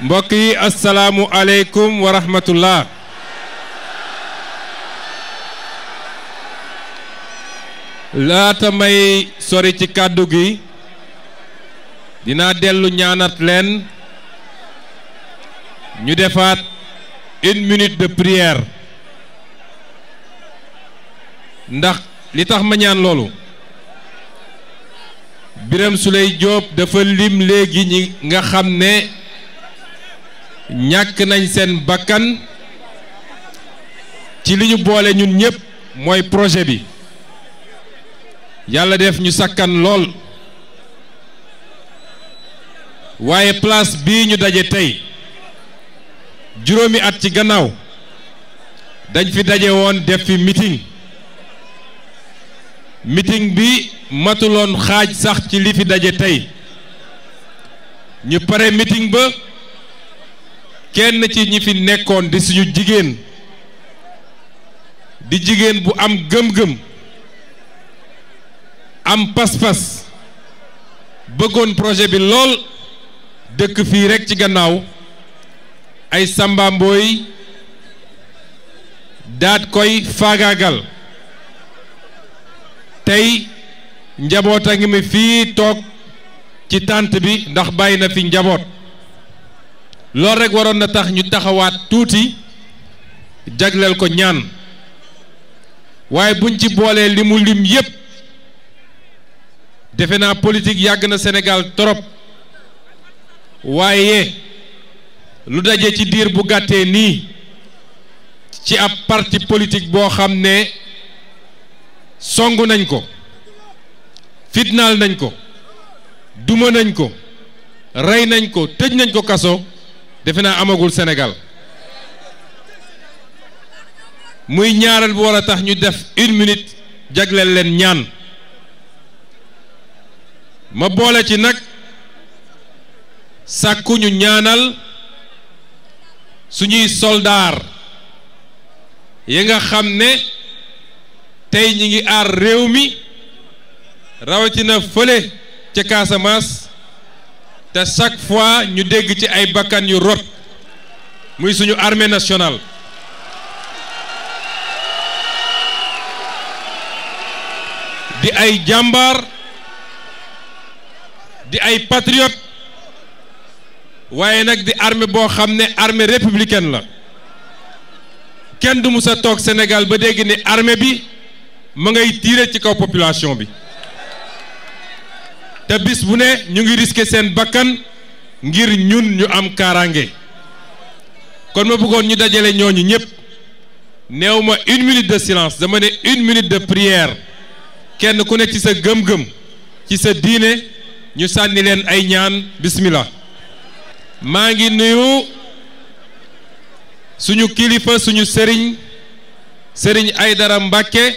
mbokk yi asalaamu aleykum wa rahmatullah laata may sori ci kàddu gi dinaa dellu ñaanat leen ñu defaat une minute de prière ndax li tax ma ñaan loolu Birame Souleye Diop dafa lim léegi ñi nga xam ne ñàkk nañu seen bakkan ci li ñu boole ñun ñëpp mooy projet bi yàlla def ñu sakkan lool waaye place bi ñu daje tey juróomi at ci gannaaw dañ fi daje woon def fi mitin meeting bi matuloon xaaj sax ci li fi daje tey ñu pare meeting ba. kenn ci ñi fi nekkoon di suñu jigéen di jigéen bu am gëm-gëm am pas-pas bëggoon projet bi lool dëkk fii rekk ci gannaaw ay Samba Mboy daat koy faagaagal tey njaboot a ngi mi fii toog ci tànt bi ndax bàyyi na fi njaboot loolu rek waroon na tax ñu taxawaat tuuti jagleel ko ñaan waaye buñ ci boolee li mu lim yépp defe naa politique yàgg na Sénégal trop waaye lu daje ci diir bu gàttee nii ci ab parti politique boo xam ne song nañ ko fitnaal nañ ko duma nañ ko rey nañ ko tëj nañ ko kaso defe naa amagul Sénégal muy ñaaral bu war a tax ñu def une minute leen ñaan ma boole ci nag sàkku ñaanal suñuy soldaar yi nga xam ne tey ñi ngi aar réew mi rawatina fële ca Casamance te chaque fois ñu dégg ci ay bakkan yu rot muy suñu armée nationale di ay jàmbaar di ay patriote waaye nag di armée boo xam ne armée républicaine la kenn du musa toog senegal ba dégg ni armée bi mu ngay tiire ci kaw population bi te bis bu ne ñu ngi risqué seen bakkan ngir ñun ñu am kaaraange kon ma bëggoon ñu dajale ñooñu ñëpp néew ma une minute de silence dama ne une minute de prière kenn ku ne ci sa gëm-gëm ci sa diine ñu sànni leen ay ñaan bismillah maa ngi nuyu suñu kilifa suñu sëriñ sëriñ ay dara Mbàkke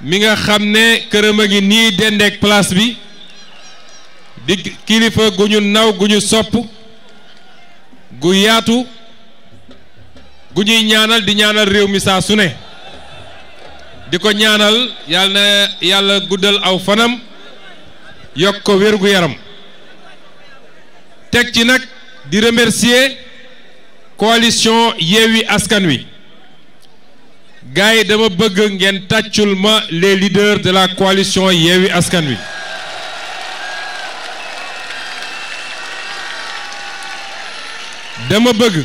mi nga xam ne këram a ngi nii dendeek place bi di kilifa gu ñu naw gu ñu sopp gu yaatu gu ñuy ñaanal di ñaanal réew mi saa su ne di ko ñaanal yàlla guddal aw fanam yokk ko wér yaram teg ci nag di remercier coalition Yewwi Askan Wi gars yi dama bëgg ngeen tàccul ma les leaders de la coalition Yewwi Askan Wi dama bëgg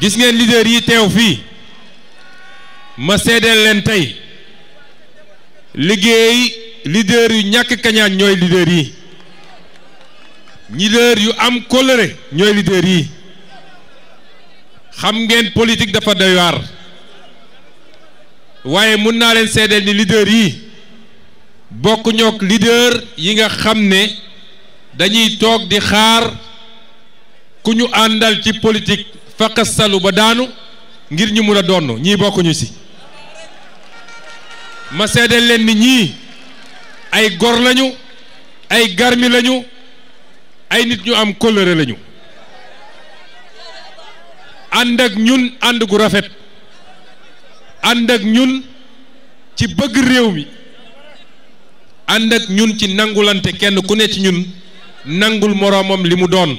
gis ngeen leader yi teew fii ma seedeel leen tey liggéey leader yu ñàkk kañaan ñooy leader yi leader yu am colère ñooy leader yi xam ngeen politik dafa doy waaye mën naa leen seedeel ni leader yi bokk ñoog leader yi nga xam ne dañuy toog di xaar ku ñu àndal ci politique faqasalu ba daanu ngir ñu mun a doon ñii bokkuñu si ma seedeel leen ni ñii ay gor lañu ay garmi lañu ay nit ñu am kóllëre lañu ànd ak ñun ànd gu rafet ànd ak ñun ci bëgg réew mi ànd ak ñun ci nangulante kenn ku ne ci ñun nangul moroomam li mu doon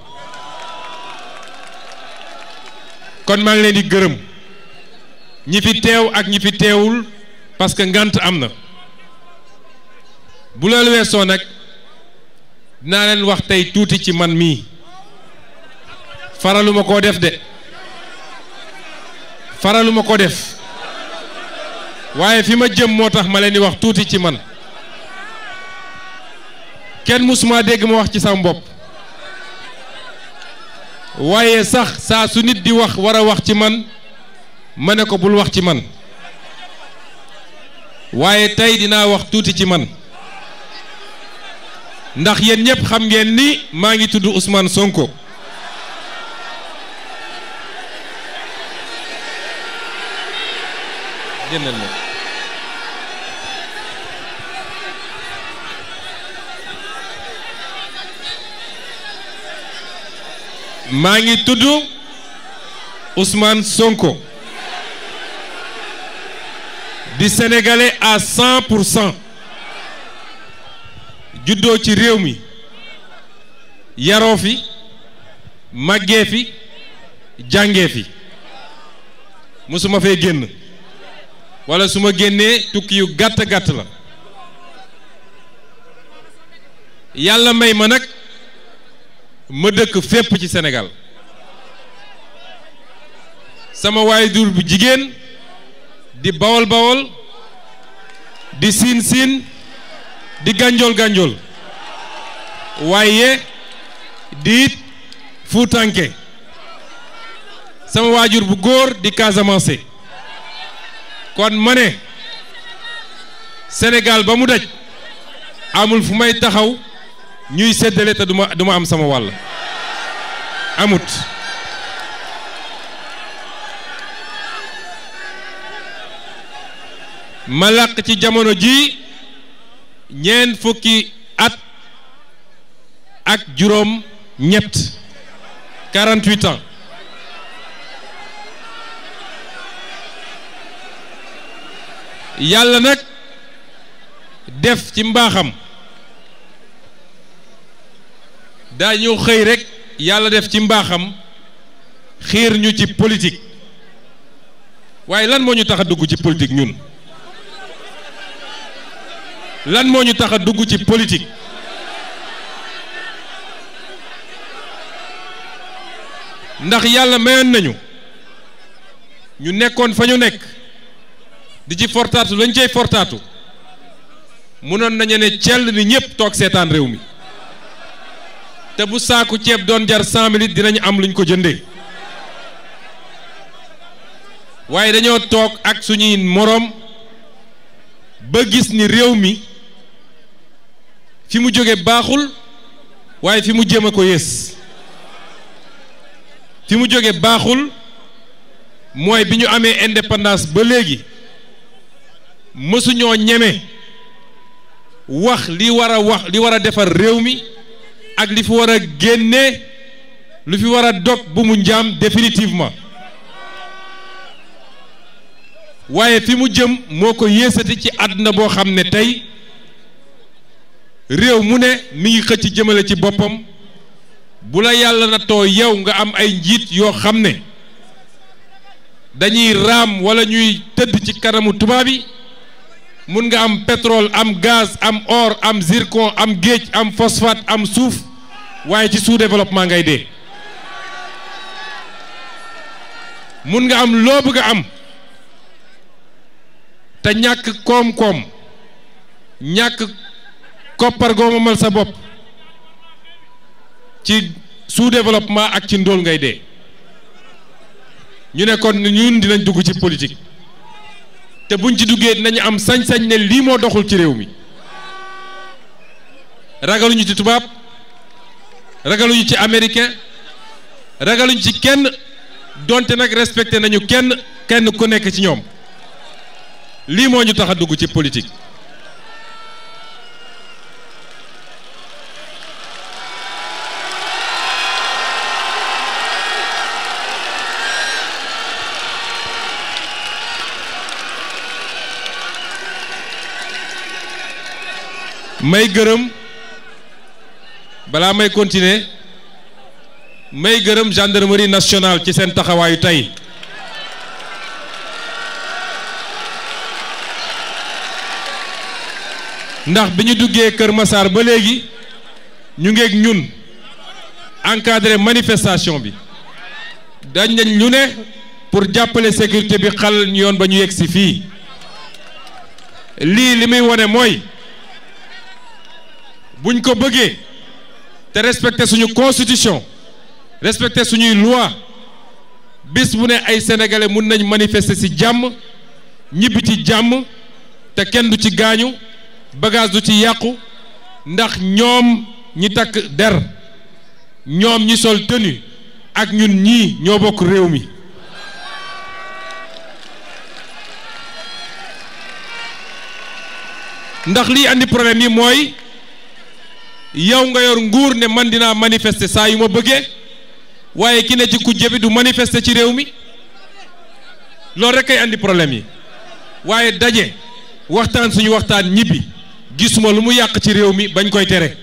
kon maa ngi leen di gërëm ñi fi teew ak ñi fi teewul parce que ngant am na bu loolu weesoo nag dinaa leen wax tey tuuti ci man mii faraluma koo def de faraluma ko def waaye fi ma jëm moo tax ma leen di wax tuuti ci man kenn mësuma dégg ma wax ci sama bopp waaye sax saa su nit di wax war a wax ci man ma ne ko bul wax ci man waaye tey dinaa wax tuuti ci man ndax yéen ñëpp xam ngeen ni maa ngi tudd Ousmane Sonko génnal maa ngi tudd Ousmane Sonko di senegale à cent pour cent juddoo ci réew mi yaroo fi màggee fi jàngee fi musuma fee génn wala su ma génnee tukkiyu yu gàtt gàtt la yàlla may ma nag ma dëkk fépp ci senegal sama waajur bu jigéen di bawol bawol di siin siin di gànjool gànjool waaye diit tànke sama waajur bu góor di Casamance kon ma ne Sénégal ba mu daj amul fu may taxaw ñuy seddale te du ma du ma am sama wàll amut ma làq ci jamono ji ñeent fukki at ak juróom ñett 48 yàlla nag def ci mbaaxam daa ñëw xëy rek yàlla def ci mbaaxam xiir ñu ci politique waaye lan moo ñu tax a dugg ci politik ñun lan moo ñu tax a dugg ci politique ndax yàlla mayoon nañu ñu nekkoon fa ñu nekk di ci fortaatu lañ cey fortaatu munoon nañu ne cell ni ñëpp toog seetaan réew mi te bu saaku ceeb doon jar cent dinañu am luñ ko jëndee waaye dañoo toog ak suñuy moroom ba gis ni réew mi fi mu jóge baaxul waaye fi mu jëm a ko yées fi mu jóge baaxul mooy bi ñu amee indépendance ba léegi mësuñoo ñeme wax li war a wax li war a defar réew mi ak li fi war a génne lu fi war a dog bu mu njaam définitivement waaye fi mu jëm moo ko yéesati ci àdduna boo xam ne tey réew mu ne mi ngi xëcc jëmale ci boppam bu la yàlla na too yow nga am ay njiit yoo xam ne dañuy raam wala ñuy tëdd ci kanamu tubaab yi mun nga am petrol am gaz am or am zircon am géej am phosphate am suuf waaye ci sous développement ngay dee mun nga am loo bëgg a am te ñàkk koom-koom ñàkk koppar goo sa bopp ci sous développement ak ci ndóol ngay dee ñu nekkoon kon ñun dinañ dugg ci politique te buñ ci duggee dinañu am sañ-sañ ne lii moo doxul ci réew mi ragaluñu ci tubaab. ragaluñu ci américain ragaluñu ci kenn donte nag respecté nañu kenn kenn ku nekk ci ñoom lii moo ñu tax a dugg ci politique may gërëm balaa may continuer may gërëm gendarmerie nationale ci seen taxawaayu tey ndax bi ñu duggee Kër Massar ba léegi ñu ngeeg ñun encadré manifestation bi dañ nañ ñu ne pour jàppale sécurité bi xal yoon ba ñu yegg si fii lii li muy wane mooy buñ ko bëggee te respecter suñu constitution respecter suñuy loi bés bu ne ay sénégalais mun nañ manifester ci jàmm ñibbi ci jàmm te kenn du ci gaañu bagage du ci yàqu ndax ñoom ñi takk der ñoom ñi sol tenue ak ñun ñii ñoo bokk réew mi ndax lii andi problème yi mooy yow nga yor nguur ne man dinaa manifester saa yu ma bëggee waaye ki ne ci kujje bi du manifester ci réew mi loolu rek ay indi problème yi waaye daje waxtaan suñu waxtaan ñibbi gisuma lu mu yàq ci réew mi bañ koy tere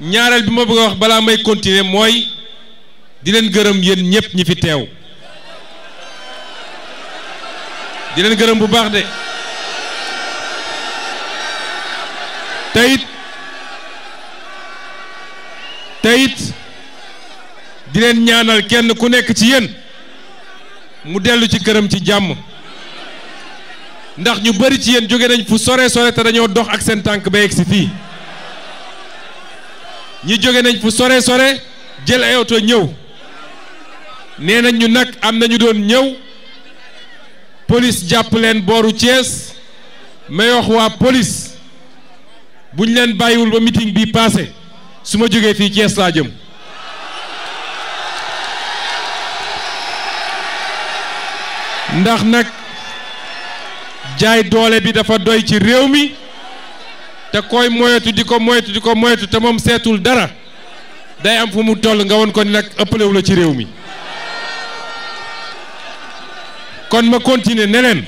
ñaareel bi ma bëgg a wax balaa may continuer mooy di leen gërëm yéen ñëpp ñi fi teew di leen gërëm bu baax de. teyit teyit di leen ñaanal kenn ku nekk ci yéen mu dellu ci këram ci jàmm ndax ñu bari ci yéen jóge nañ fu sore sore te dañoo dox ak seen tànk ba yegg ñi jóge nañ fu sore sore jël ay oto ñëw nee nañ nag am nañu doon ñëw polis jàpp leen booru Thiès may waa police buñ leen bàyyiwul ba meeting bi passé su ma jógee fii Thiès laa jëm ndax nag jaay doole bi dafa doy ci réew mi te koy moyetu di ko moyetu di ko moyetu te moom seetul dara day am fu mu toll nga woon ko ni nag ëppalewu la ci réew mi kon ma continuer ne leen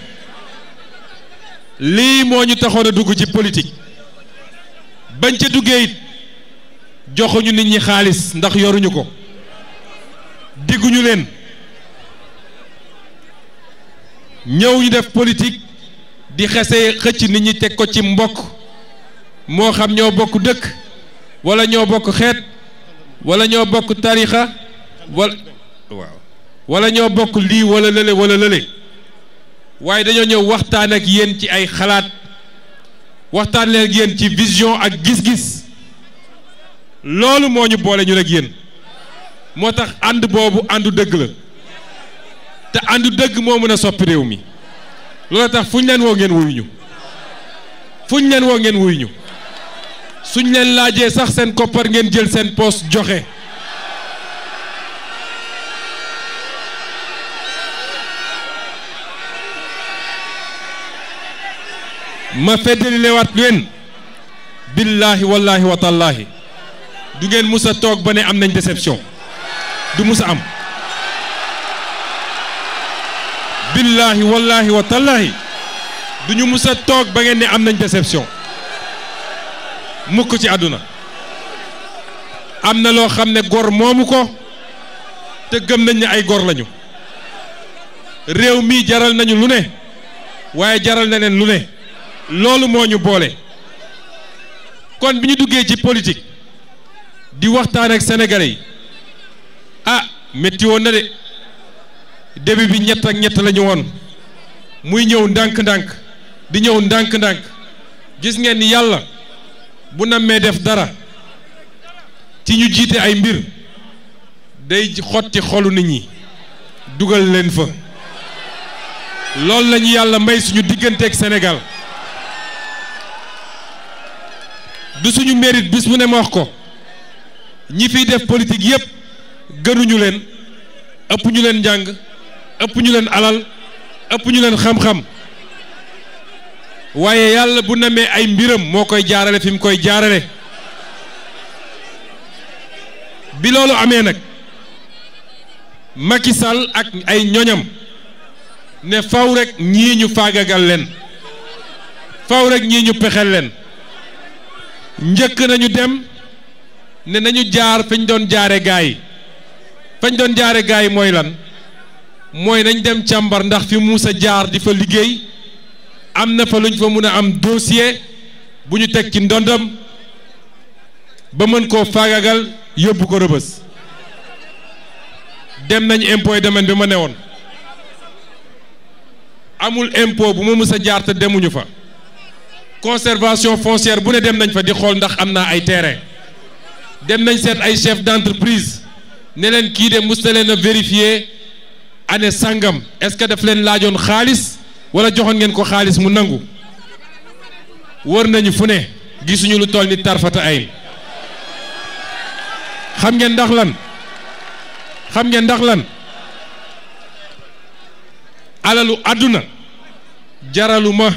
lii moo ñu taxoon a dugg ci politique bañ ca duggee it joxuñu nit ñi xaalis ndax yoruñu ko digguñu leen ñëw ñu def politique di xese xëcc nit ñi teg ko ci mbokk moo xam ñoo bokk dëkk wala ñoo bokk xeet wala ñoo bokk tarixa wala wala ñoo bokk lii wala lële wala lële waaye dañoo ñëw waxtaan ak yéen ci ay xalaat waxtaan leen ci vision ak gis-gis loolu moo ñu boole ñu rek yéen moo tax ànd boobu àndu dëgg la te àndu dëgg moo mën a soppi réew mi loolu tax fu ñu leen woo ngeen wuyu ñu fu ñu leen woo ngeen wuyu ñu suñ leen laajee sax seen koppar ngeen jël seen poos joxe. ma feddali lewaat leen billaahi wallaahi wa tallaahi du ngeen mus a toog ba ne am nañ déception du mus am billaahi wallaahi wa tallaahi du ñu mus a toog ba ngeen ne am nañ déception mukk ci àdduna am na loo xam ne gor moomu ko te gëm nañ ni ay gor lañu réew mi jaral nañu lu ne waaye jaral na leen lu ne loolu moo ñu boole kon bi ñu duggee ci politique di waxtaan ak sénégalais yi ah métti woon na de début bi ñett ak ñett la ñu woon muy ñëw ndànk-ndànk di ñëw ndànk-ndànk gis ngeen ni yàlla bu nammee def dara ci ñu jiite ay mbir day xotti xolu nit ñi dugal leen fa loolu lañu yàlla may suñu digganteeg senegal du suñu mérite bis mu ne ma wax ko ñi fiy def politique yépp gënuñu leen ëpp ñu leen njàng ëpp ñu leen alal ëpp ñu leen xam-xam waaye yàlla bu namee ay mbiram moo koy jaarale fi mu koy jaarale bi loolu amee nag Macky Sall ak ay ñoñam ne faw rek ñii ñu faagagal leen faw rek ñii ñu pexel leen njëkk nañu dem ne nañu jaar fi ñu doon jaare gaay yi fa ñu doon jaare gaay yi mooy lan mooy nañ dem càmbar ndax fi Moussa jaar di fa liggéey am na fa luñ fa mun a am dossier bu ñu teg ci ndondam ba mën koo faagagal yóbbu ko rëbës dem nañ impôt domaine bi ma ne woon amul impôt bu ma Moussa jaar te demuñu fa conservation foncière bu ne dem nañ fa di xool ndax am naa ay terrain dem nañ seet ay chef d'entreprise ne leen kii de mës leen a vérifier année sangam est-ce que daf leen laajoon xaalis wala joxoon ngeen ko xaalis mu nangu wër nañu fu ne gisuñu lu toll nit tarfata ay xam ngeen ndax lan xam ngeen ndax lan alalu àdduna jaraluma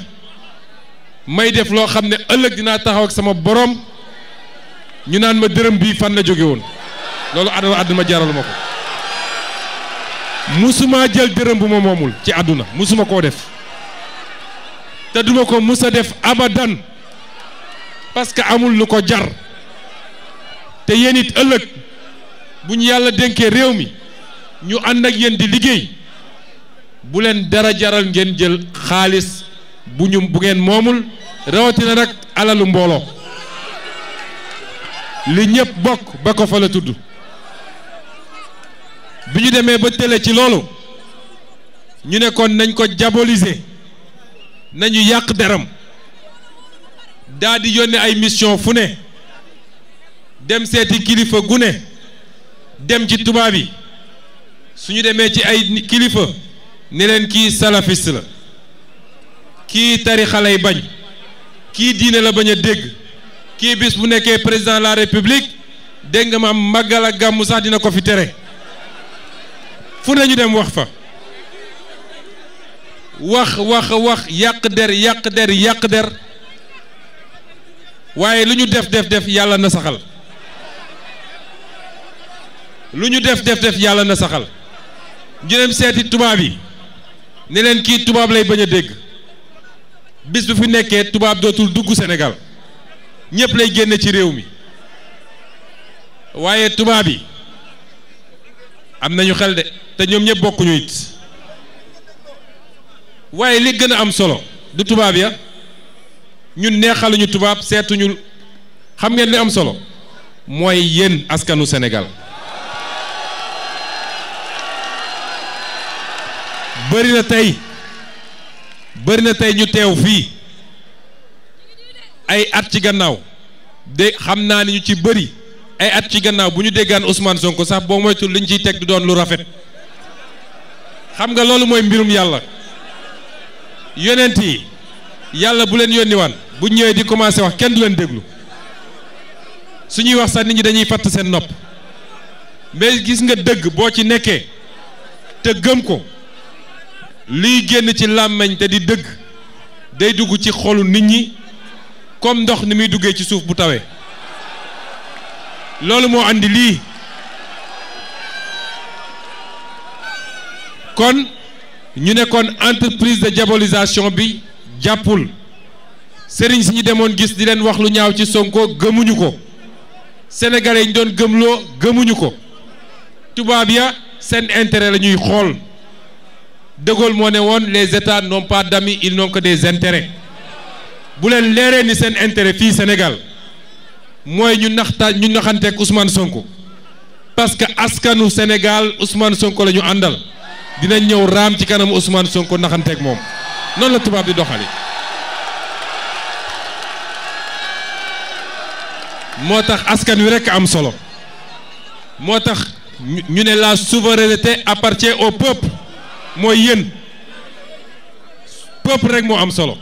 may def loo xam ne ëllëg dinaa taxaw ak sama borom ñu naan ma dërëm bii fan la jóge woon loolu àdduna àdduna jaral ma ko musuma jël dërëm bu ma moomul ci àdduna musuma koo def te duma ko musa def abadan parce que amul lu ko jar te yéen it ëllëg bu ñu yàlla dénkee réew mi ñu ànd ak yéen di liggéey bu leen dara jaral ngeen jël xaalis bu ñu bu ngeen moomul rawatina nag alalu mbooloo li ñëpp bokk ba ko fa la tudd bi ñu demee ba télé ci loolu ñu nekkoon nañ ko diaboliser nañu yàq deram daldi di yónnee ay mission fu ne dem seeti kilifa gu ne dem ci tubaab yi su ñu demee ci ay kilifa ne leen kii salafiste la kii tarixa lay bañ kii diine la bañ a dégg kii bis bu nekkee président la république dégg nga ma am màggal ak gàmmu sax dina ko fi tere fu ñu dem wax fa wax wax wax yàq der yàq der yàq der waaye lu ñu def def def yàlla na saxal lu ñu def def def yàlla na saxal ñu dem seeti tubaab yi ne leen kii tubaab lay bañ a dégg bis bu fi nekkee tubaab dootul dugg Sénégal ñëpp lay génne ci réew mi waaye tubaab yi am nañu xel de te ñoom ñëpp bokkuñu it waaye li gën a am solo du tubaab ya ñun neexaluñu tubaab seetuñu xam ngeen li am solo mooy yéen askanu Sénégal bëri na tey. bëri na tey ñu teew fii ay at ci gannaaw de xam naa ni ñu ci bëri ay at ci gannaaw bu ñu déggaan Ousmane Sonko sax boo li ñu ciy teg du doon lu rafet xam nga loolu mooy mbirum yàlla yonent yi yàlla bu leen yónni bu ñëwee di commencé wax kenn du leen déglu su ñuy wax sax nit ñi dañuy fatt seen nopp mais gis nga dégg boo ci nekkee te gëm ko. liy génn ci làmmiñ te di dëgg day dugg ci xolu nit ñi comme ndox ni muy duggee ci suuf bu tawe loolu moo indi lii kon ñu nekkoon entreprise de diabolisation bi jàppul sëriñ si ñu demoon gis di leen wax lu ñaaw ci sonkoo gëmuñu ko sénégalais yi ñu doon gëmloo gëmuñu ko tubaab ya seen intérêt lañuy xool De moo ne woon les états n'ont pas d'amis ils n'ont des intérêts bu leen leeree ni seen intérêt fii Sénégal mooy ñu naxtaan ñu naxanteeg Ousmane Sonko parce que askanu Sénégal Ousmane Sonko la ñu àndal dinañ ñëw raam ci kanamu Ousmane Sonko naxanteeg moom noonu la tubaab di doxali moo tax askan wi rekk am solo moo tax ñu ne la souveraineté appartient o peuple mooy yéen peuple rek moo am solo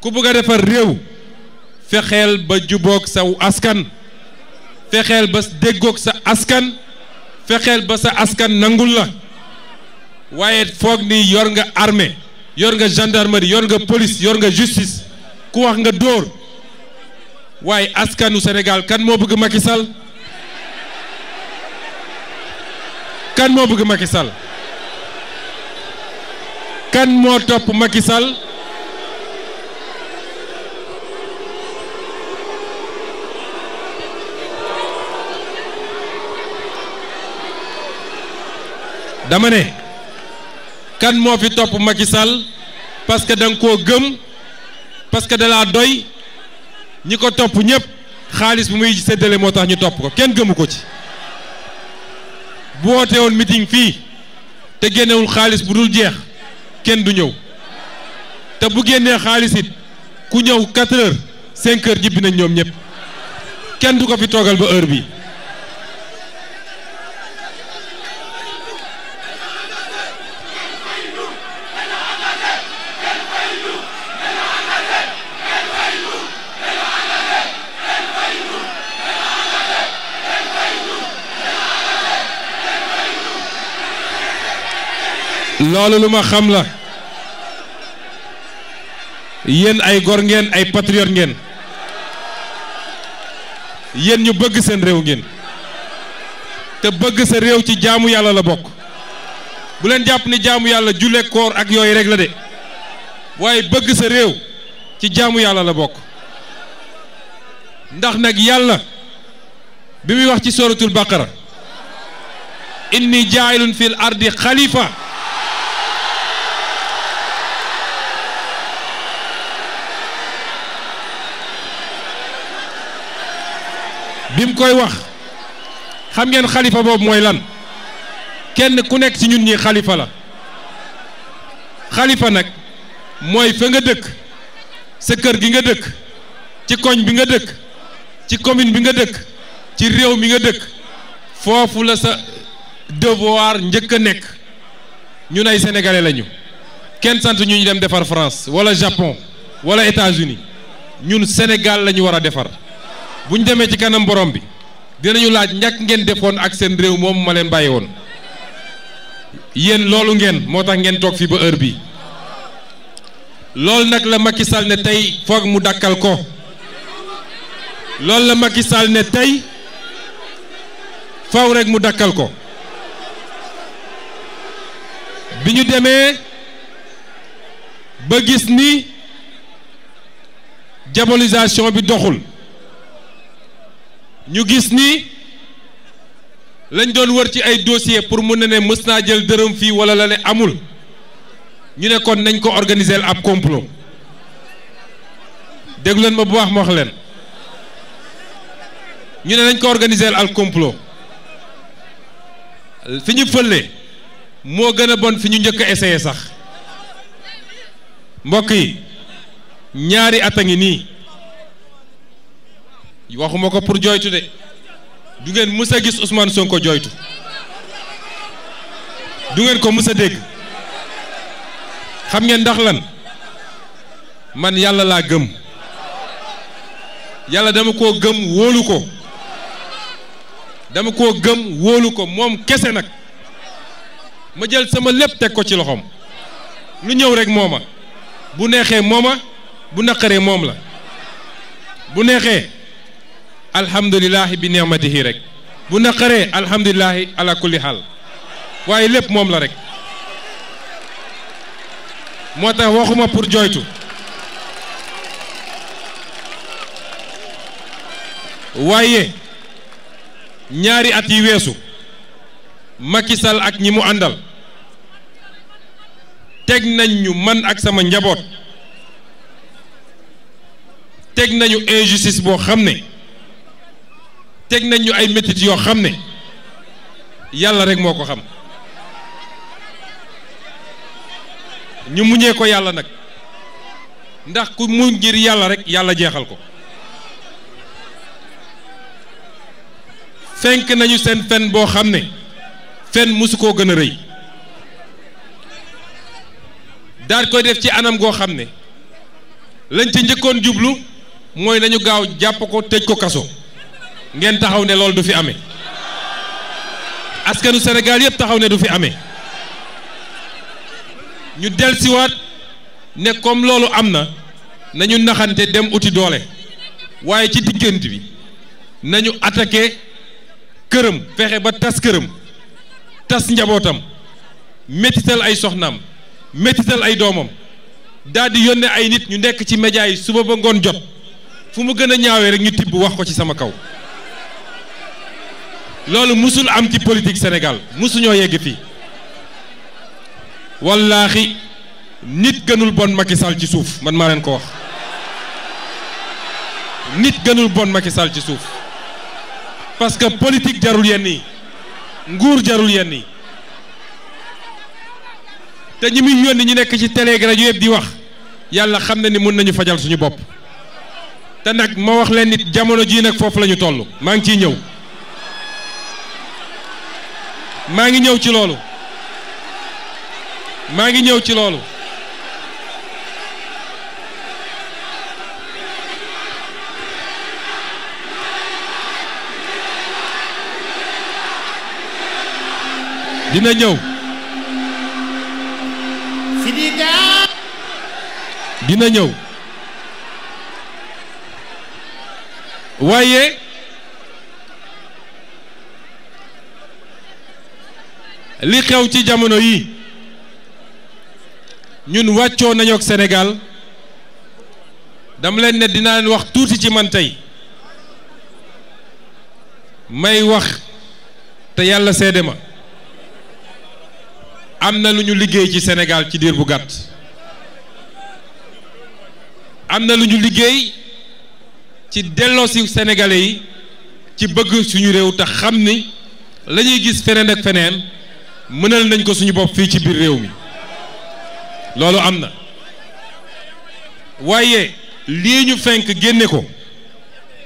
ku bëgg a defar réew fexeel ba juboog sa askan fexeel ba déggoog sa askan fexeel ba sa askan nangul la waaye foog ni yor nga armée yor nga gendarmerie yor nga police yor nga justice ku wax nga dóor waaye askanu senegal kan moo bëgg Macky Sall kan moo bëgg Macky Sall kan moo topp Macky Sall dama ne kan moo fi topp Macky Sall parce que da koo gëm parce que da doy ñi ko topp ñëpp xaalis bu muy séddale moo tax ñu topp ko kenn gëmu ko ci bu mitin fii te génnewul xaalis bu dul jeex. kenn du ñëw te bu génnee xaalis ku ñëw 4 heures 5 heures jibbi nañ ñoom ñëpp kenn du ko fi toogal ba heure bi loolu lu ma xam la yéen ay gor ngeen ay patriote ngeen yéen ñu bëgg seen réew ngeen te bëgg sa réew ci jaamu yàlla la bokk bu leen jàpp ni jaamu yàlla julle koor ak yooyu rek la de waaye bëgg sa réew ci jaamu yàlla la bokk ndax nag yàlla bi muy wax ci suratul baqara inni jaayilun fil ardi xalifa bi mu koy wax xam ngeen xalifa boobu mooy lan kenn ku nekk ci ñun ñi xalifa la xalifa nag mooy fa nga dëkk sa kër gi nga dëkk ci koñ bi nga dëkk ci commune bi nga dëkk ci réew mi nga dëkk foofu la sa devoir njëkk a nekk ñun ay sénégalais lañu kenn sant ñu ñu dem defar France wala Japon wala États-Unis ñun Sénégal lañu ñu war a defar bu ñu demee ci kanam borom bi dinañu laaj ñàkk ngeen defoon ak seen réew moom ma leen bàyyi woon yéen loolu ngeen moo tax ngeen toog fii ba heure bi loolu nag la Macky sal ne tey foog mu dakkal ko loolu la mag Macky sal ne tey faw rekk mu dakkal ko bi ñu demee ba gis ni diabolisation bi doxul ñu gis ni lañ doon wër ci ay dossier pour mën na ne mës naa jël dërëm fii wala la ne amul ñu ne kon nañ ko organiser ab complot dégg leen ma bu baax ma wax leen ñu ne nañ ko organiser al complot fi ñu fële moo gën a bon fi ñu njëkk a sax mbokk yi ñaari at a ngi nii waxuma ko pour jooytu de du ngeen mës a gis Ousmane Sonko jooytu du ngeen ko mësa dégg xam ngeen ndax lan man yàlla laa gëm yàlla dama koo gëm wóolu ko dama koo gëm wóolu ko moom kese nag ma jël sama lépp teg ko ci loxoom lu ñëw rek mooma bu neexee mooma bu naqaree moom la bu neexee alhamdulilahi bi yi rek bu naqaree alhamdulilahi ala xaal waaye lépp moom la rek moo tax waxuma pour jooytu waaye ñaari at yi weesu ma Sall ak ñi mu àndal teg nañ ñu man ak sama njaboot teg nañu injustice boo xam ne teg nañ ñu ay métit yoo xam ne yàlla rek moo ko xam ñu muñee ko yàlla nag ndax ku mu ngir yàlla rek yàlla jeexal ko fenk nañu seen fen boo xam ne fen mosu koo gën a rëy daal koy def ci anam goo xam ne lañ ci njëkkoon jublu mooy nañu gaaw jàpp ko tëj ko kaso ngeen taxaw ne loolu du fi amee askanu Sénégal yëpp taxaw ne du fi ame ñu dellusiwaat ne comme loolu am na nañu naxante dem uti doole waaye ci diggant bi nañu attaqué këram fexe ba tas këram tas njabootam métital ay soxnaam métital ay doomam daal di yónnee ay nit ñu nekk ci média yi suba ba ngoon jot fu mu gën a ñaawee rek ñu tibb wax ko ci sama kaw. loolu mosul am ci politique Sénégal musuñoo yegg fii wallaahi nit gënul bon Macky Sall ci suuf man maa leen ko wax nit gënul bon Macky Sall ci suuf parce que politique jarul yenn yi nguur jarul yenn yi te ñi muy yónni ñu nekk ci télé rajo di wax yàlla xam na ni mën nañu fajal suñu bopp te nag ma wax leen nit jamono jii nag foofu lañu ñu toll maa ngi ciy ñëw. maa ngi ñëw ci loolu maa ngi ñëw ci loolu dina ñëw dina ñëw waaye li xew ci jamono yi ñun wàccoo nañu ak Sénégal dama leen ne dinaa leen wax tuuti ci man tey may wax te yàlla seede ma am na lu ñu liggéey ci Sénégal ci diir bu gàtt am na lu ñu liggéey ci delloosi Sénégalais yi ci bëgg suñu réew te xam ni la gis feneen ak feneen mënal nañ ko suñu bopp fii ci biir réew mi loolu am na waaye lii ñu fenk génne ko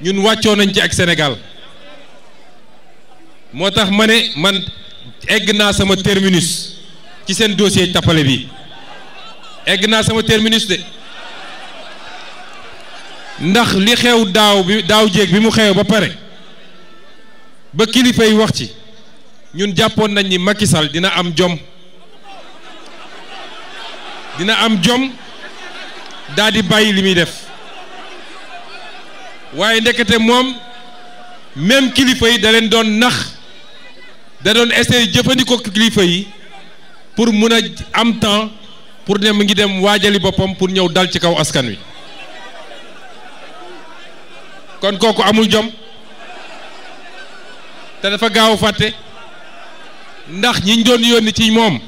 ñun wàccoo nañ ci ak senegal moo tax ma ne man egg naa sama terminus ci seen dossier tappale bi egg naa sama terminus de ndax li xew daaw bi daaw jéeg bi mu xew ba pare ba kilifay wax ci ñun jàppoon nañ ni Macky dina am jom dina am jom daal bàyyi li muy def waaye ndekete moom même kilifa yi da leen doon nax da doon essayer jëfandikoo kilifa yi pour mun a am temps pour ne mu ngi dem waajali boppam pour ñëw dal ci kaw askan wi kon kooku amul jom te dafa gaaw fàtte. ndax ñi doon yónni ci moom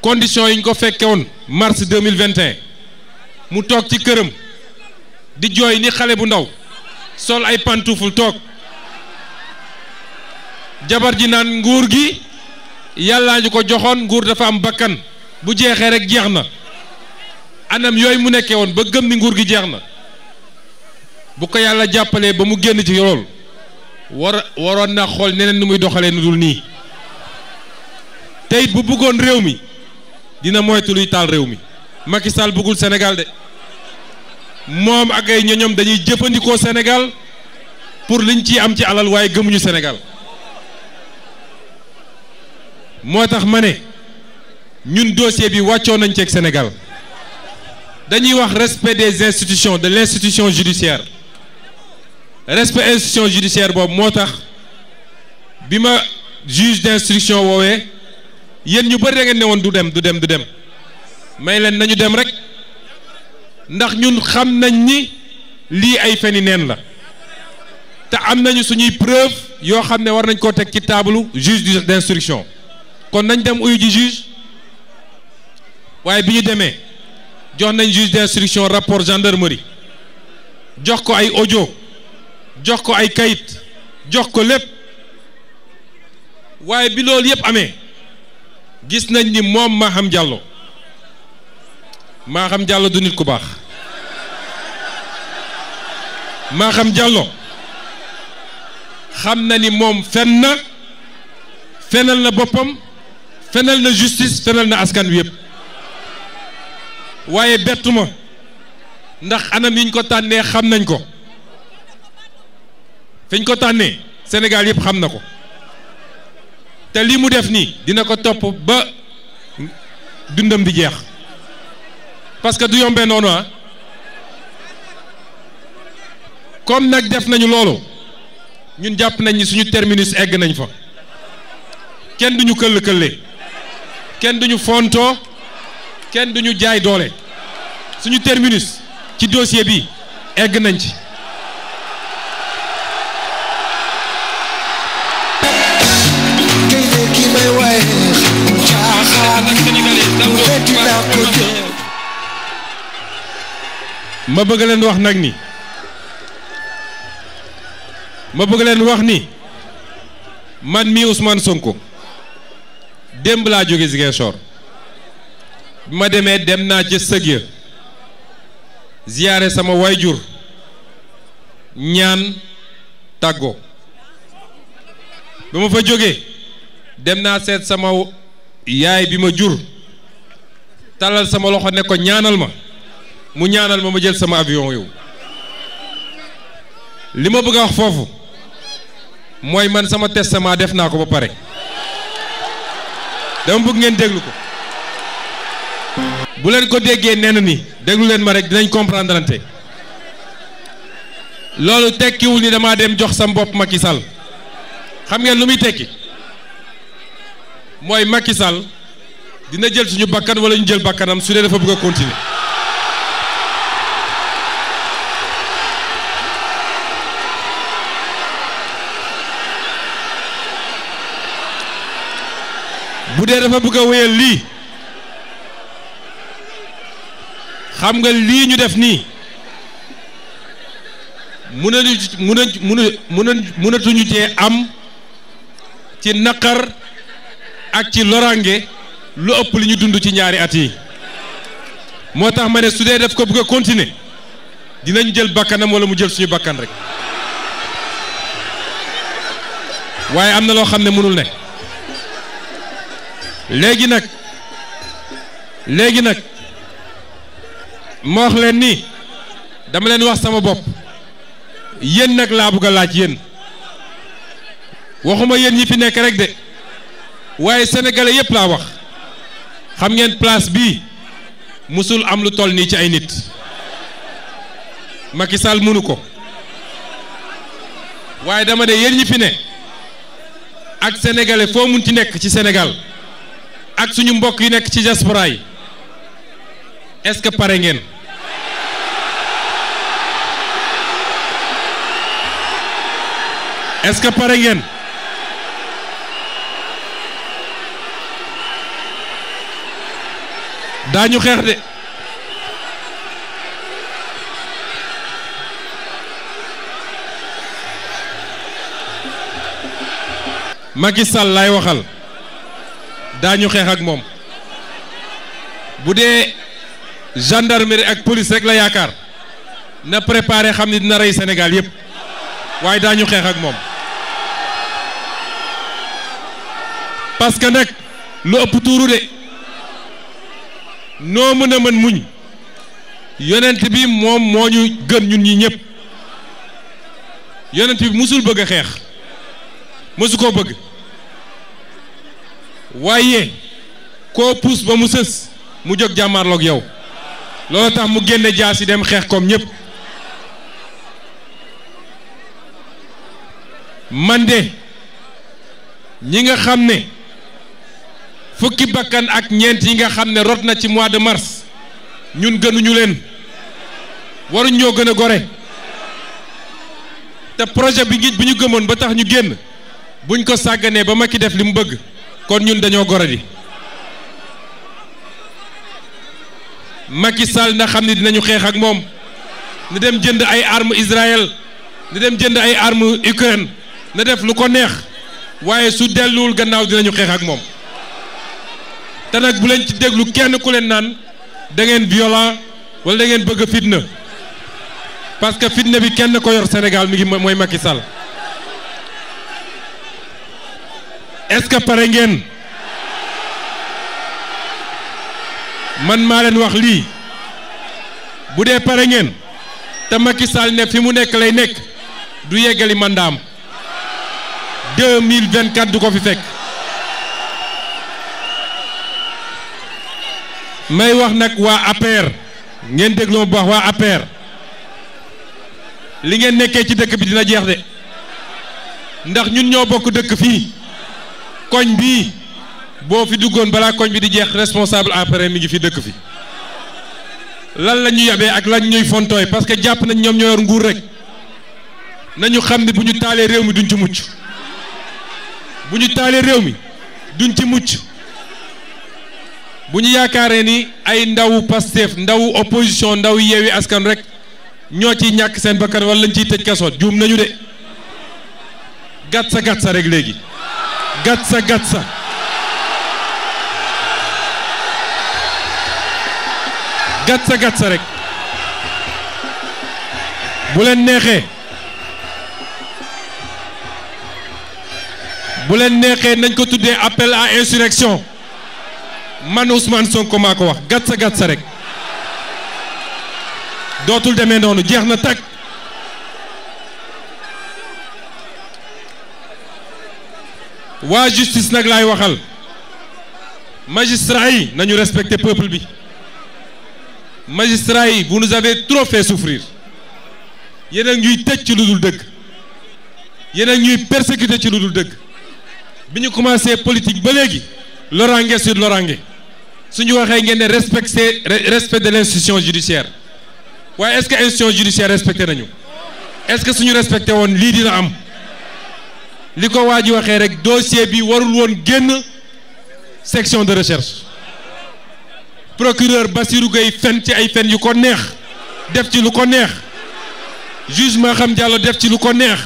condition yi ñu ko fekke woon mars 2021 mu toog ci këram di jooy ni xale bu ndaw sol ay pantoufle toog jabar ji naan nguur gi yàllaa ñu ko joxoon nguur dafa am bakkan bu jeexee rek jeex na anam yooyu mu nekkee woon ba gëm ni nguur gi jeex na bu ko yàlla jàppalee ba mu génn ci lool war waroon na xool neneen nu muy doxalee nu dul nii tey bu bëggoon réew mi dina moytu luy taal réew mi Macky Sall bëggul Sénégal de moom ak ay ñoñom dañuy jëfandikoo Sénégal pour liñ ci am ci alal waaye gëmuñu Sénégal moo tax ma ne ñun dossier bi wàccoon nañ ceeg Sénégal dañuy wax respect des institutions de l'institution judiciaire respect institution judiciaire boobu moo tax bi ma juge d'instruction woowee yéen ñu bëri da ngeen woon du dem du dem du dem may leen nañu dem rek ndax ñun xam nañ ni lii ay feni neen la te am nañu suñuy preuve yoo xam ne war nañ koo teg ci taabalu juge d'instruction kon nañ dem uyu ji juge waaye bi ñu demee jox nañ juge d'instruction rapport gendarmerie jox ko ay audio jox ko ay kayit jox ko lépp waaye bi loolu yépp amee gis nañ ni moom Maham Diallo maaxam Diallo du nit ku baax maaxam Diallo xam na ni moom fen na fenal na boppam fenal na justice fenal na askan wi yëpp waaye bettuma ndax anam yiñ ko tànnee xam nañ ko fiñ ko tànnee Sénégal yëpp xam na ko te lii mu def nii dina ko topp ba dundam di jeex parce que du yombee noonu ah comme nag def nañu loolu ñun jàpp nañ suñu terminus egg nañ fa kenn duñu këll këlle kenn duñu fontoo kenn duñu jaay doole suñu terminus ci dossier bi egg nañ ci ma bëgg leen wax nag ni ma bëgg leen wax ni man mii usmaan Sonko démb laa jóge Ziguinchor bi ma demee dem naa ca sëg ya ziyaare sama jur ñaan tàggoo ba ma fa jógee dem naa seet sama yaay bi ma jur talal sama loxo ne ko ñaanal ma mu ñaanal ma ma jël sama avion yow li ma bëgg a wax foofu mooy man sama testament def naa ko ba pare dama bëgg ngeen déglu ko bu leen ko déggee nenn ni déglu leen ma rek dinañ comprendrente loolu tekkiwul ni damaa dem jox sam bopp Macky sal xam ngeen lu muy tekki mooy Macky sal dina jël suñu bakkan wala ñu jël bakkanam su dee dafa bëgg a bu dee dafa bëgg a wéyal lii xam nga lii ñu def nii mënañu mëna mëna mënatuñu ci am ci naqar ak ci loraange lu ëpp li ñu dund ci ñaari at yi moo tax ma ne su dee def ko bëgg a continuer dinañ jël bakkanam wala mu jël suñu bakkan rek waaye am na loo xam ne mënul ne léegi nag léegi nag ma wax leen ni dama leen wax sama bopp yéen nag laa bëgg a laaj yéen waxuma yéen ñi fi nekk rek de waaye sénégalais yépp laa wax xam ngeen place bii musul am lu toll nii ci ay nit Macky Sall mënu ko waaye dama de yéen ñi fi ne ak sénégalais foo mun ci nekk ci senegal ak suñu mbokk yi nekk ci diaspora yi est-ce que pare ngeen est-ce que pare ngeen daañu xeex de Macky Sall waxal daañu xeex ak moom bu dee gendarmerie ak police rek la yaakaar na prépare xam ni dina rey Sénégal yépp waaye daañu xeex ak moom parce que nag lu ëpp tuuru de noo mën a mën muñ yonent bi moom moo ñu gën ñun ñi ñépp yonent bi mosul bëgg a xeex musu koo bëgg waaye koo puus ba mu sës mu jóg jàmmaarloog yow loolu tax mu génne jaasi dem xeex koom ñépp man de ñi nga xam ne fukki bakkan ak ñeent yi nga xam ne rot na ci mois de mars ñun gënuñu leen waruñ ñoo gën gore te projet bi ngi bi ñu gëmoon ba tax ñu génn buñ ko sàgganee ba ma Macky def li mu bëgg kon ñun dañoo goradi Macky Sall na xam ne dinañu xeex ak moom na dem jënd ay armes Israël na dem jënd ay armes Ukraine na def lu ko neex waaye su delluwul gannaaw dinañu xeex ak moom te nag bu leen ci déglu kenn ku leen naan da ngeen violent wala da ngeen bëgg fitna parce que fitna bi kenn ko yor senegal mi ngi mooy Macky est-ce que pare ngeen man maa leen wax lii bu dee pare ngeen te Macky Sall ne fi mu nekk lay nekk du yeggali mandaam 2024 du ko fi fekk may wax nag waa APR ngeen déglu ma baax waa APR li ngeen nekkee ci dëkk bi dina jeex de ndax ñun ñoo bokk dëkk fii koñ bii boo fi duggoon balaa koñ bi di jeex responsable après mi ngi fi dëkk fi lan la ñu yabee ak lan ñuy fontooy parce que jàpp nañ ñoom ñoo yor nguur rek nañu xam ne bu ñu taalee réew mi duñ ci mucc bu ñu taalee réew mi duñ ci mucc bu ñu yaakaaree ni ay ndawu Pastef ndawu opposition ndaw yeewi askan rek ñoo ci ñàkk seen bakkan wala lañ ciy tëj kaso jum nañu de gàtt sa gàtt sa rek léegi sa gatsa gatsa gatsa sa rek bu leen neexee bu leen neexee nañ ko tuddee appel à insurrection man Ousmane Sonko maa ko wax gatsa gatsa rek dootul demee noonu jeex na tàkk waa justice nag laay waxal magistrat yi nañu respecter peuple bi magistrat yi vous nous avez trop fait souffrir yéen a ñuy tëj ci lu dul dëgg yeneen a ñuy persécuter ci lu dul dëgg bi ñu commencé politique ba léegi lorange sur lorange suñu waxee ngeen ne respecté respect de l' institution judiciaire waaye est-ce que institution judiciaire respecté nañu est-ce que suñu respecté woon lii dina am li ko waa ji waxee rek dossier bi warul woon génn section de recherche procureur Bassirou Gueye fen ci ay fen yu ko neex def ci lu ko neex juge xam Diallo def ci lu ko neex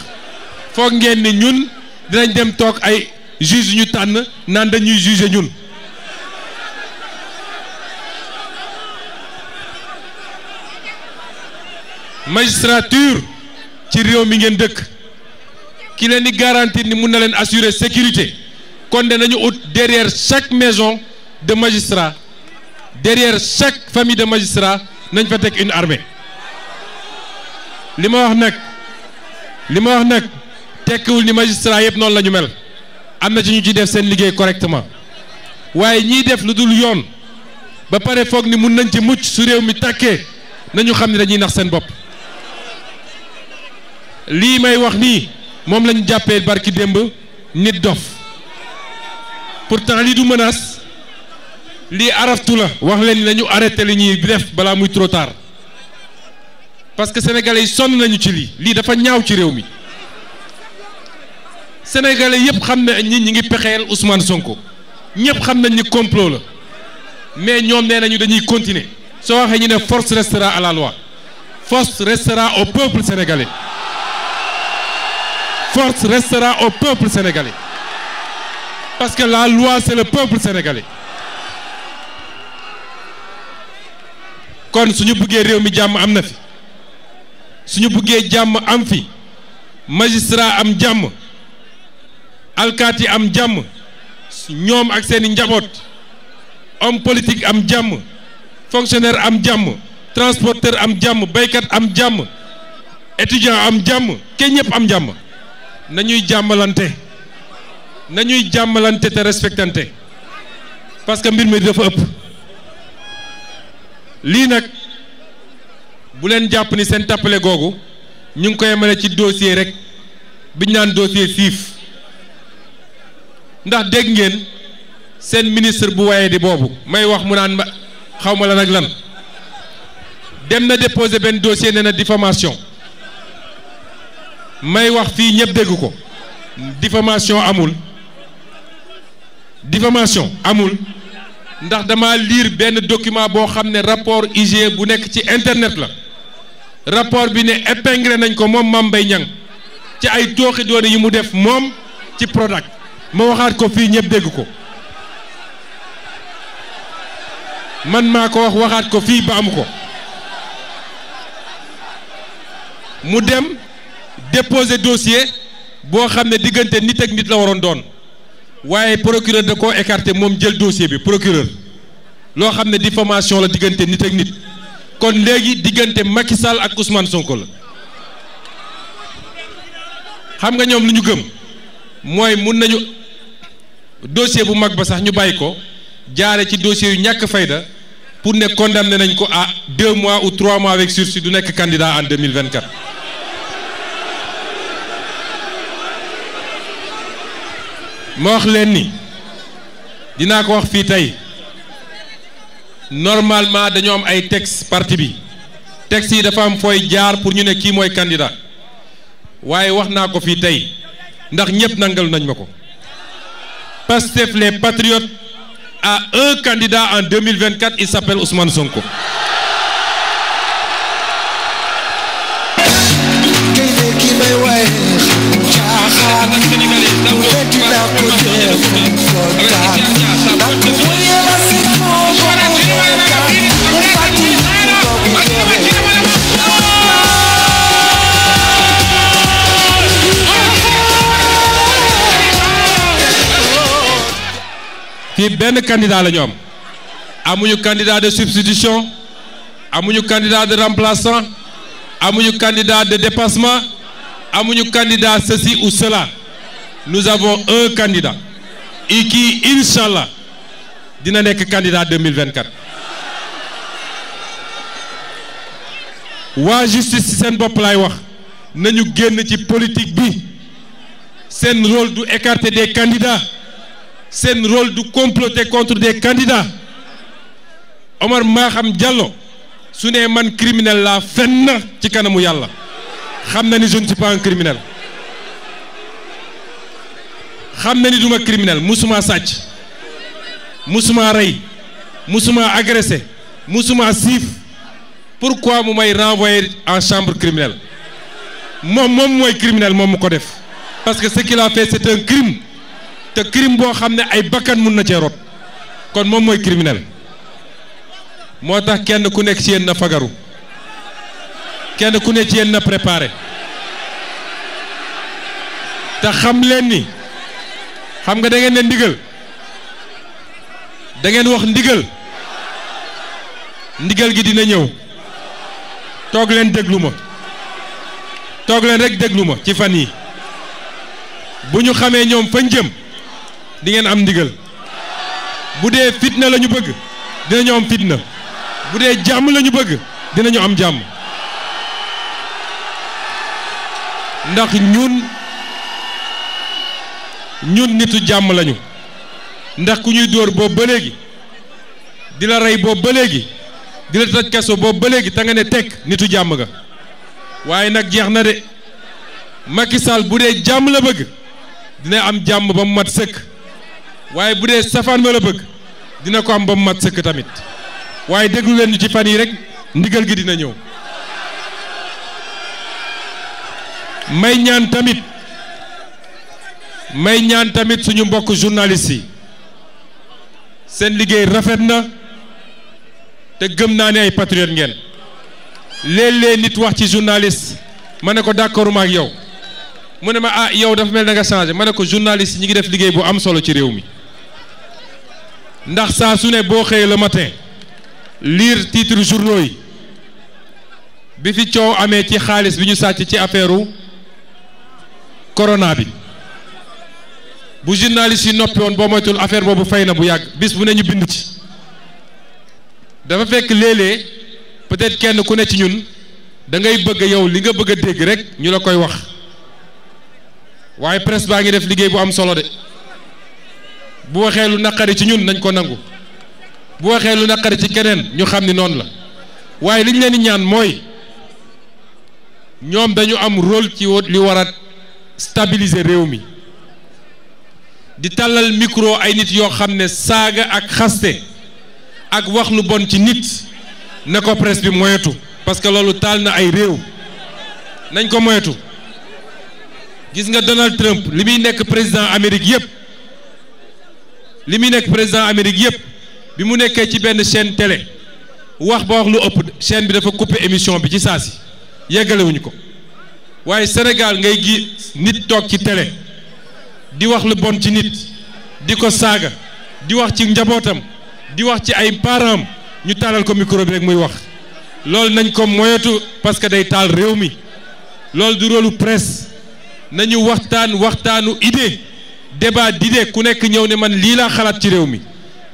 foog ngeen ni ñun dinañ dem toog ay juge ñu tànn naan dañuy juger ñun magistrature ci réew mi ngeen dëkk ki leen di garantir ni mun na leen assurer sécurité kon danañu ut derrière chaque maison de magistrat derrière chaque famille de magistrat nañ fa teg une armée li ma wax nag li ma wax nag tekkiwul ni magistrat yëpp noonu la ñu mel am na ci ñu ci def seen liggéey correctement waaye ñii def lu dul yoon ba pare foog ni mun nañ ci mucc su réew mi takkee nañu xam ne dañuy nax seen bopp lii may wax nii moom lañu jàppee barki démb nit dof pourtant lii du menace lii araftu la wax leen nañu arrêté li ñuy def balaa muy trop tard parce que sénégalais yi sonn nañu ci lii lii dafa ñaaw ci réew mi sénégalais yëpp xam na ñi ñi ngi pexeel Ousmane Sonko ñëpp xam nañ ni complot la mais ñoom nee nañu dañuy continuer soo waxee ñu ne force restera à la loi force restera au peuple sénégalais force restera au peuple sénégalais. Parce que la loi, c'est le peuple sénégalais. kon su ñu bëggee réew mi jàmm am na fi su ñu bëggee jàmm am fi magistrat am jàmm alkaati am jàmm ñoom ak seeni njaboot homme politique am jàmm fonctionnaire am jàmm transporteur am jàmm baykat am jàmm étudiant am jàmm kenn ñëpp am jàmm nañuy jàmmalante nañuy jàmmalante te respectante parce que mbir mi dafa ëpp lii nag bu leen jàpp ni seen tappale googu ñu ngi koy yemale ci dossier rek biñ naan dossier siif ndax dégg ngeen seen ministre bu waye di boobu may wax mu naan ma xaw ma lan ak lan dem na déposer benn dossier nee na diffamation may wax fii ñëpp dégg ko diffamation amul diffamation amul ndax dama liir benn document boo xam ne rapport IGE bu nekk ci internet la rapport bi ne épinglé nañ ko moom Mame Mbaye ci ay tooxi doone yi mu def moom ci Prodac ma waxaat ko fii ñëpp dégg ko man maa ko wax waxaat ko fii ba am ko mu dem déposé dossier boo xam ne diggante nit ak nit la waroon doon waaye procureur da koo écarté moom jël dossier bi procureur loo xam ne diffamation la diggante nit ak nit kon léegi diggante Macky Sall ak Ousmane Sonko la xam nga ñoom lu ñu gëm mooy mun nañu dossier bu mag ba sax ñu bàyyi ko jaare ci dossier yu ñàkk fayda pour ne condamné nañ ko à deux mois ou trois mois avec sursis du nekk candidat en 2024 ma wax leen ni dinaa ko wax fii tey normalement dañoo am ay texte parti bi texte yi dafa am fooy jaar pour ñu ne kii mooy candidat waaye wax naa ko fii tey ndax ñëpp nangal nañ ma ko Pastef les patriotes a un candidat en 2024 il s'appelle Ousmane Sonko fii benn candidat la ñu am amuñu candidat de substitution amuñu candidat de remplaçant amuñu candidat de dépassement amuñu candidat ceci ou cela nous avons un candidat i kii incha allah dina nekk candidat 2024 waa justice ci seen bopp laay wax nañu génn ci politique bi seen rôle du écarter des candidats seen rôle du comploter contre des candidats Omar Maham Diallo su ne man criminel laa fenn ci kanamu yàlla xam na ni je ci suis pas xam na ni duma criminel musuma sàcc musuma rey musuma agressé musuma siif pourquoi mu may renvoyer en chambre criminelle moom moom mooy criminel moom mu ko def parce que ce qu'il a fait c'est un te crime boo xam ne ay bakkan mun na cee rot kon moom mooy criminel moo tax kenn ku nekk ci yéen na fagaru kenn ku nekk ci yéen na préparé te xam leen ni xam nga da ngeen ne ndigal dangeen wax ndigal ndigal gi dina ñëw toog leen déglu ma toog leen rek déglu ma ci fan yi bu ñu xamee ñoom fañ jëm di ngeen am ndigal bu dee fitna lañu ñu bëgg dinañu am fitna bu dee jàmm la ñu bëgg dinañu am jàmm ndax ñun. ñun nitu jàmm lañu ndax ku ñuy dóor boobu ba léegi dina rey boobu ba léegi di la kaso boobu ba léegi te nga ne teg nitu jàmm nga waaye nag jeex na de makki Sall bu dee jàmm la bëgg dina am jàmm ba mu mat sëkk waaye bu dee safaan ba la bëgg dina ko am ba mu mat sëkk tamit waaye déglu leen ñu ci fan yi rek ndigal gi dina ñëw may ñaan tamit suñu mbokk journalistes yi seen liggéey rafet na te gëm naa ne ay patriote ngeen léeg-léeg nit wax ci journaliste ma ne ko d'accord ma ak yow mu ne ma ah yow dafa mel na nga changé ma ne ko journaliste ñu ngi def liggéey bu am solo ci réew mi ndax saa su ne boo xëyee la matin liir titre journaux yi bi fi coow amee ci xaalis bi ñu sàcc ci affaire corona bi bu journaliste yi noppi woon boo moytul affaire boobu fay na bu yàgg bis bu ne ñu bind ci dafa fekk léeg-léeg peut-être kenn ku ne ci ñun da ngay bëgg yow li nga bëgg a dégg rek ñu la koy wax waaye presse baa ngi def liggéey bu am solo de bu waxee lu naqari ci ñun nañ ko nangu bu waxee lu naqari ci keneen ñu xam ni noonu la waaye li ñu leen di ñaan mooy ñoom dañu am rôle ci li war a stabiliser réew mi. di tàllal micro ay nit yoo xam ne saaga ak xaste ak wax lu bon ci nit na ko presse bi moyetu parce que loolu taal na ay réew nañ ko moyetu gis nga Donald Trump li muy nekk président Amérique yëpp li muy nekk président Amérique yëpp bi mu nekkee ci benn chaîne télé wax ba wax lu ëpp chaîne bi dafa couper émission bi ci saa si yeggalewuñu ko waaye Sénégal ngay gi nit toog ci télé di wax lu bon ci nit di ko saaga di wax ci njabootam di wax ci ay parents ñu taalal ko micro bi rek muy wax loolu nañ ko moyetu parce que day taal réew mi loolu du rôlu presse nañu waxtaan waxtaanu idée débat d'idée ku nekk ñëw ne man lii laa xalaat ci réew mi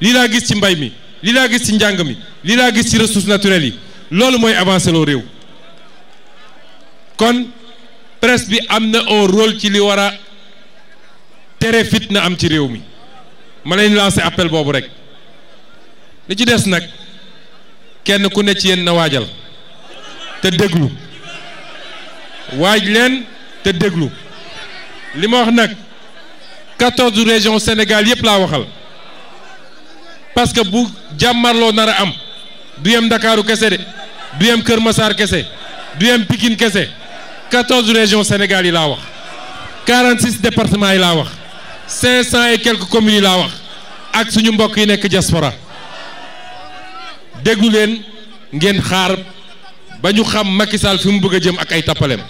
lii laa gis ci mbay mi lii laa gis ci njàng mi lii laa gis ci ressources naturelles yi loolu mooy avancé loo réew kon presse bi am na un rôle ci li war tere fitna am ci réew mi ma leen lancé appel boobu rek li ci des nag kenn ku ne ci yéen na waajal te déglu waaj leen te déglu li ma wax nag quatorze régions Sénégal yëpp laa waxal parce que bu jàmmarloo nar a am du Ndakaaru kese de du Kër Massar kese du yem Pikine kese quatorze régions Sénégal yi laa wax quarante six départements yi laa wax cinq cent et quelques communes yi laa wax ak suñu mbokk yi nekk diaspora déglu ngeen xaar ba ñu xam Macky fi mu bëgg a jëm ak ay tappaleem